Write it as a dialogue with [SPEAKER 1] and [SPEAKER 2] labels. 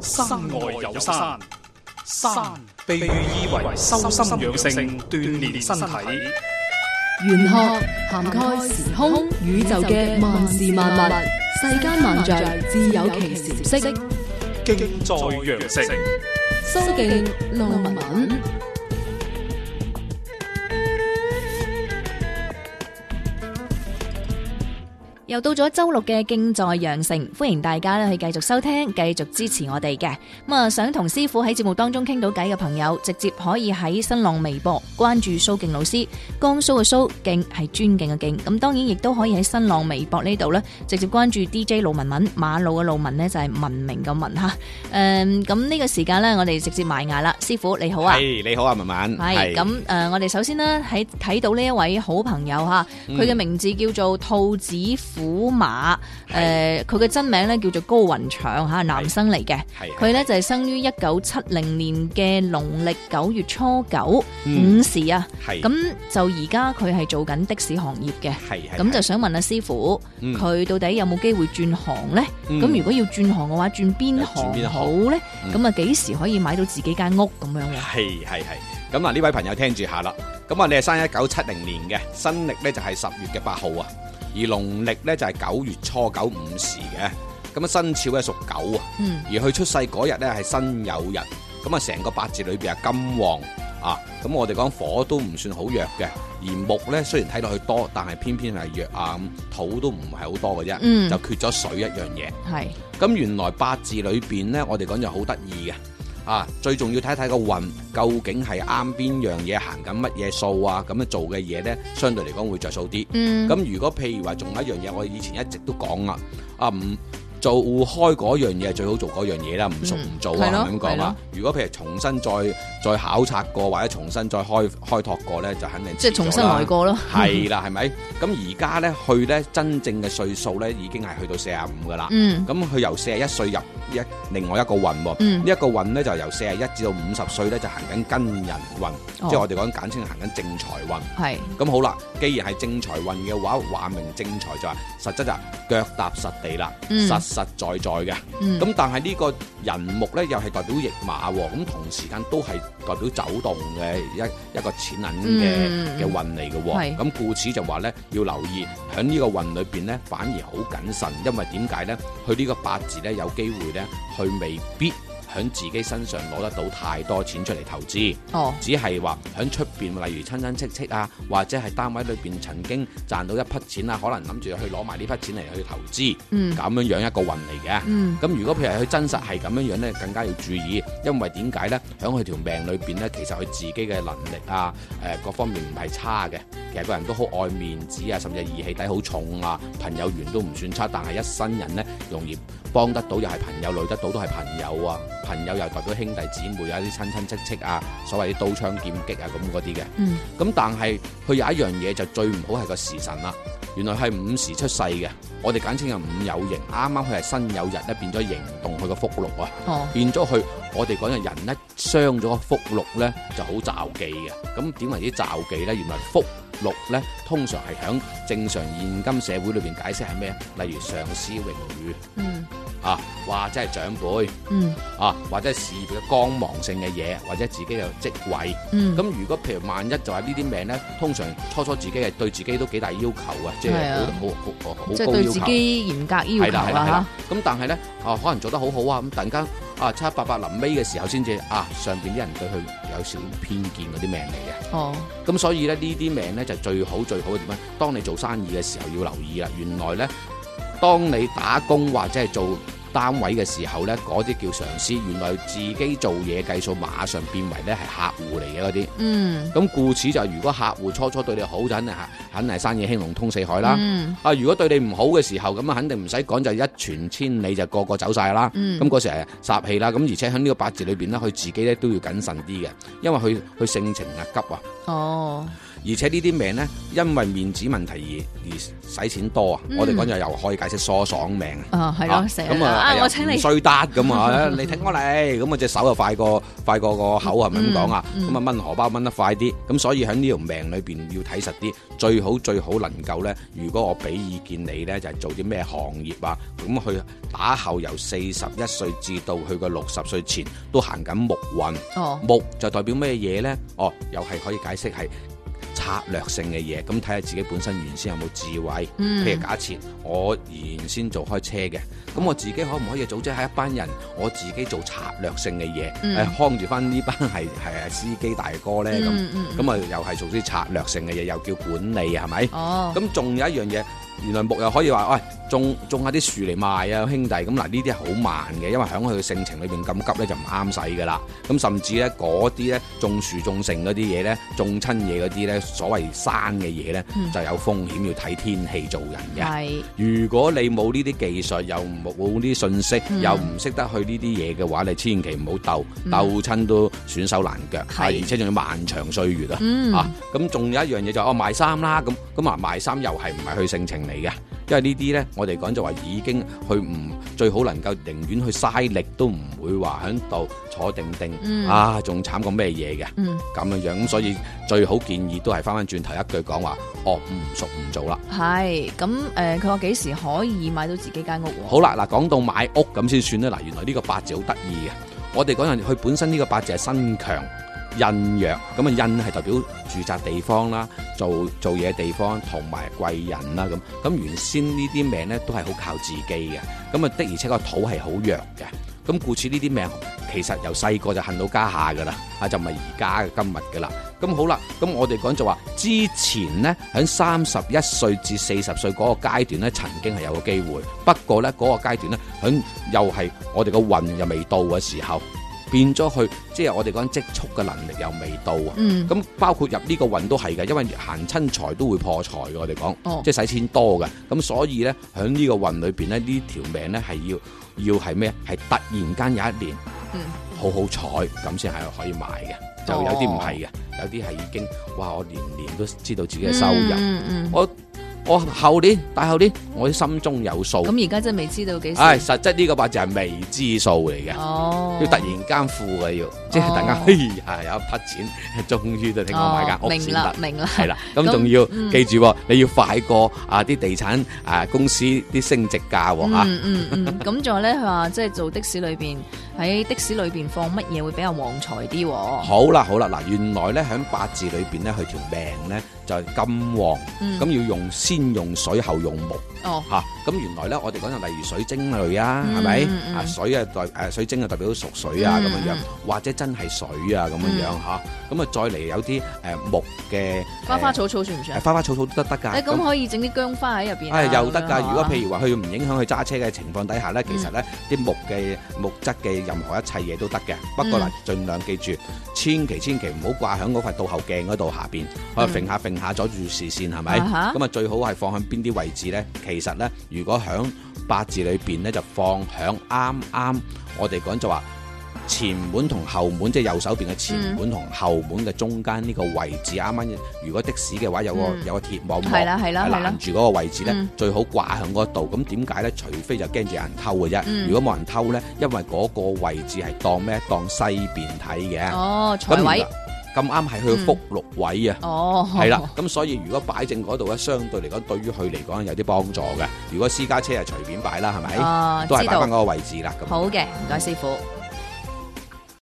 [SPEAKER 1] 山外有山，山被喻意為修心養性、鍛煉身體。
[SPEAKER 2] 玄學涵蓋時空宇宙嘅萬事萬物、世間萬象，自有其時。
[SPEAKER 1] 敬在羊城，
[SPEAKER 2] 蘇敬論文。又到咗周六嘅敬在羊城，歡迎大家去繼續收聽，繼續支持我哋嘅。咁啊，想同師傅喺節目當中傾到偈嘅朋友，直接可以喺新浪微博關注蘇敬老師，江蘇嘅蘇，敬係尊敬嘅敬。咁當然亦都可以喺新浪微博呢度呢，直接關注 DJ 路文文，馬路嘅路文呢，就係文明嘅文嚇。咁、嗯、呢個時間呢，我哋直接埋牙啦，師傅你好啊，
[SPEAKER 1] 你好啊，文文，係咁、
[SPEAKER 2] 呃、我哋首先呢，喺睇到呢一位好朋友嚇，佢嘅名字叫做兔子。虎馬誒，佢、呃、嘅真名咧，叫做高雲祥。吓，男生嚟嘅。係佢咧就係、是、生於一九七零年嘅農曆九月初九午、嗯、時啊。係咁就而家佢係做緊的士行業嘅。係咁就想問下師傅，佢、嗯、到底有冇機會轉行呢？咁、嗯、如果要轉行嘅話，轉邊行好咧？咁啊，幾、嗯、時可以買到自己間屋咁樣
[SPEAKER 1] 咧？係係係。咁啊，呢位朋友聽住下啦。咁啊，你係生一九七零年嘅，新歷咧就係十月嘅八號啊。而農曆咧就係九月初九五時嘅，咁啊生肖咧屬狗啊、嗯，而佢出世嗰日咧係辛酉日，咁啊成個八字裏面係金旺啊，咁我哋講火都唔算好弱嘅，而木咧雖然睇落去多，但係偏偏係弱啊，土都唔係好多嘅啫、嗯，就缺咗水一樣嘢。係，咁原來八字裏面咧，我哋講就好得意嘅。啊，最重要睇睇個運，究竟係啱邊樣嘢行緊乜嘢數啊？咁樣做嘅嘢呢，相對嚟講會著數啲。咁、嗯、如果譬如話，仲有一樣嘢，我以前一直都講啊，啊、嗯、五。做開嗰樣嘢最好做嗰樣嘢啦，唔熟唔做啊咁講啦。如果譬如重新再再考察過，或者重新再開開拓過呢，就肯定即係重新來過咯。係啦，係、嗯、咪？咁而家呢，去呢，真正嘅歲數呢已經係去到四十五噶啦。咁、嗯、佢由四十一歲入一另外一個運喎。呢、嗯、一、這個運呢就由四十一至到五十歲呢就行緊跟人運，哦、即係我哋講簡稱行緊正財運。係。咁好啦，既然係正財運嘅話，話明正財就係實質就腳踏實地啦。嗯。實實實在在嘅，咁、嗯、但係呢個人木咧又係代表驛馬、哦，咁同時間都係代表走動嘅一一個錢銀嘅嘅運嚟嘅，咁、嗯哦、故此就話呢，要留意喺呢個運裏邊呢，反而好謹慎，因為點解呢？佢呢個八字呢，有機會呢，佢未必。喺自己身上攞得到太多錢出嚟投資，哦、只係話喺出邊，例如親親戚戚啊，或者係單位裏邊曾經賺到一筆錢啊，可能諗住去攞埋呢筆錢嚟去投資，咁、嗯、樣樣一個運嚟嘅。咁、嗯、如果譬如佢真實係咁樣樣呢，更加要注意，因為點解呢？喺佢條命裏邊呢，其實佢自己嘅能力啊，誒、呃、各方面唔係差嘅。其實個人都好愛面子啊，甚至義氣底好重啊，朋友緣都唔算差。但係一生人呢，容易幫得到又係朋友，累得到都係朋友啊。朋友又代表兄弟姊妹啊，啲親親戚戚啊，所謂刀槍劍戟啊，咁嗰啲嘅。嗯。咁但係佢有一樣嘢就最唔好係個時辰啦。原來係午時出世嘅，我哋簡稱係午有刑，啱啱佢係申有人，咧變咗刑動佢個福祿啊。哦。變咗佢。我哋講人傷呢，人咧傷咗個福祿咧就好罩忌嘅。咁點為啲罩忌咧？原來福祿咧通常係響正常現今社會裏邊解釋係咩？例如上司榮譽。嗯。啊，或者係長輩，嗯，啊，或者事業嘅光芒性嘅嘢，或者自己嘅職位，咁、嗯、如果譬如萬一就係呢啲命咧，通常初初自己係對自己都幾大要求嘅、即係、啊，即係好好好好高要求。即、即
[SPEAKER 2] 係、嚴格要求啦。係啦係啦，
[SPEAKER 1] 咁、啊、但係咧，啊，可能做得很好好啊，咁突然間啊，七七八八臨尾嘅時候先至啊，上邊啲人對佢有少少偏見嗰啲命嚟嘅。哦，咁所以咧呢啲命咧就係、最好最好點啊？當你做生意嘅時候要留意啦，原來咧。當你打工或者係做單位嘅時候呢，嗰啲叫上司。原來自己做嘢計數，馬上變為呢係客戶嚟嘅嗰啲。嗯，咁故此就係、如果客戶初初對你好，就肯定係生意興隆通四海啦、嗯。啊，如果對你唔好嘅時候，咁啊肯定唔使講就一傳千里就個個走晒啦。嗯，咁嗰時係煞氣啦。咁而且喺呢個八字裏邊呢，佢自己咧都要謹慎啲嘅，因為佢佢性情啊急啊。哦。而且呢啲命咧，因為面子問題而而使錢多啊、嗯。我哋講又可以解釋疏爽命、哦、啊，係、嗯、咯，咁啊衰得咁啊，啊啊啊啊啊聽你，嘛 你聽我嚟咁我隻手又快過快過個口係咪咁講啊？咁啊掹荷包掹得快啲，咁、嗯、所以喺呢條命裏面要睇實啲，最好最好能夠咧。如果我俾意見你咧，就係、是、做啲咩行業啊？咁去打後由四十一歲至到去個六十歲前都行緊木運哦，木就代表咩嘢咧？哦、啊，又係可以解釋係。策略性嘅嘢，咁睇下自己本身原先有冇智慧、嗯。譬如假設我原先做開車嘅，咁我自己可唔可以組織下一班人，我自己做策略性嘅嘢，睇住翻呢班係係司機大哥咧，咁咁啊又係做啲策略性嘅嘢，又叫管理係咪？哦，咁仲有一樣嘢，原來木又可以話喂。哎種種下啲樹嚟賣啊，兄弟咁嗱，呢啲好慢嘅，因為喺佢嘅性情裏邊咁急咧就唔啱使噶啦。咁甚至咧，嗰啲咧種樹種成嗰啲嘢咧種親嘢嗰啲咧，所謂生嘅嘢咧就有風險，要睇天氣做人嘅。係如果你冇呢啲技術，又冇冇呢啲信息，又唔識得去呢啲嘢嘅話，你千祈唔好鬥，鬥親都損手爛腳，而且仲要漫長歲月啦。啊，咁仲有一樣嘢就係哦賣衫啦，咁咁啊賣衫又係唔係去性情嚟嘅？因為呢啲呢，我哋講就話已經去唔最好能夠寧願去嘥力都唔會話喺度坐定定，嗯、啊仲慘過咩嘢，嘅，咁、嗯、樣樣咁，所以最好建議都係翻翻轉頭一句講話，哦唔熟唔做啦。
[SPEAKER 2] 係咁誒，佢話幾時可以買到自己間屋？好
[SPEAKER 1] 啦，嗱，講到買屋咁先算啦。嗱，原來呢個八字好得意嘅，我哋講人，佢本身呢個八字係身強。印弱，咁啊印係代表住宅地方啦，做做嘢地方同埋貴人啦咁。咁原先呢啲命呢，都係好靠自己嘅，咁啊的而且個土係好弱嘅，咁故此呢啲命其實由細個就恨到家下噶啦，啊就唔係而家嘅今日噶啦。咁好啦，咁我哋講就話之前呢，喺三十一歲至四十歲嗰個階段呢，曾經係有個機會，不過呢，嗰個階段呢，喺又係我哋個運又未到嘅時候。變咗去，即係我哋講積蓄嘅能力又未到啊！咁、嗯、包括入呢個運都係嘅，因為行親財都會破財嘅。我哋講、哦，即係使錢多嘅。咁所以咧，喺呢個運裏邊咧，呢條命咧係要要係咩？係突然間有一年好好彩，咁先係可以買嘅。就有啲唔係嘅，有啲係已經哇！我年年都知道自己嘅收入，嗯、我。我後年大後年，我心中有數。咁
[SPEAKER 2] 而家真係未知道幾時？係
[SPEAKER 1] 實質呢個八字係未知數嚟嘅。哦，要突然間富嘅要，即係大家哎呀有一筆錢，終於都聽講買間屋先得。明啦，
[SPEAKER 2] 明啦，係啦。咁仲要記住，
[SPEAKER 1] 你要快過啊啲地產啊公司啲升值價吓。嗯嗯嗯。
[SPEAKER 2] 咁仲有咧，佢話即係做的士裏邊喺的士裏邊放乜嘢會比較旺財啲？
[SPEAKER 1] 好啦好啦，嗱，原來咧喺八字裏邊咧，佢條命咧，就係、是、金黃，咁、嗯、要用先用水後用木，哦啊。咁原來咧，我哋講就例如水晶類啊，係咪啊？水啊，代誒水晶啊，代表屬水啊，咁、嗯、樣樣，或者真係水啊，咁樣樣嚇。咁、嗯、啊，再嚟有啲誒木嘅花、嗯、花草
[SPEAKER 2] 草算唔算？
[SPEAKER 1] 花花草草都得㗎。誒，咁可
[SPEAKER 2] 以整啲、哎、薑花喺入邊。係、哎、又得㗎。如果譬如話
[SPEAKER 1] 佢唔影響佢揸車嘅情況底下咧、嗯，其實咧啲木嘅木質嘅任何一切嘢都得嘅。不過嗱，儘、嗯、量記住，千祈千祈唔好掛響嗰塊倒後鏡嗰度下邊，我、嗯、揈下揈下，下阻住視線係咪？咁啊，最好係放喺邊啲位置咧？其實咧。如果喺八字裏邊咧，就放響啱啱我哋講就話前門同後門，即、就、係、是、右手邊嘅前門同後門嘅中間呢個位置，啱、嗯、啱如果的士嘅話，有個、嗯、有個鐵網，網，係啦係啦係啦攔住嗰個位置咧、嗯，最好掛響嗰度。咁點解咧？除非就驚住有人偷嘅啫、嗯。如果冇人偷咧，因為嗰個位置係當咩？當西邊睇嘅。哦，
[SPEAKER 2] 財位。
[SPEAKER 1] 咁啱係去福祿位啊，
[SPEAKER 2] 係、嗯、啦，
[SPEAKER 1] 咁、哦、所以如果擺正嗰度咧，相對嚟講對於佢嚟講有啲幫助嘅。如果私家車係隨便擺啦，係、啊、咪？都係擺翻嗰個位置啦。啊、咁
[SPEAKER 2] 好嘅，唔該，師傅。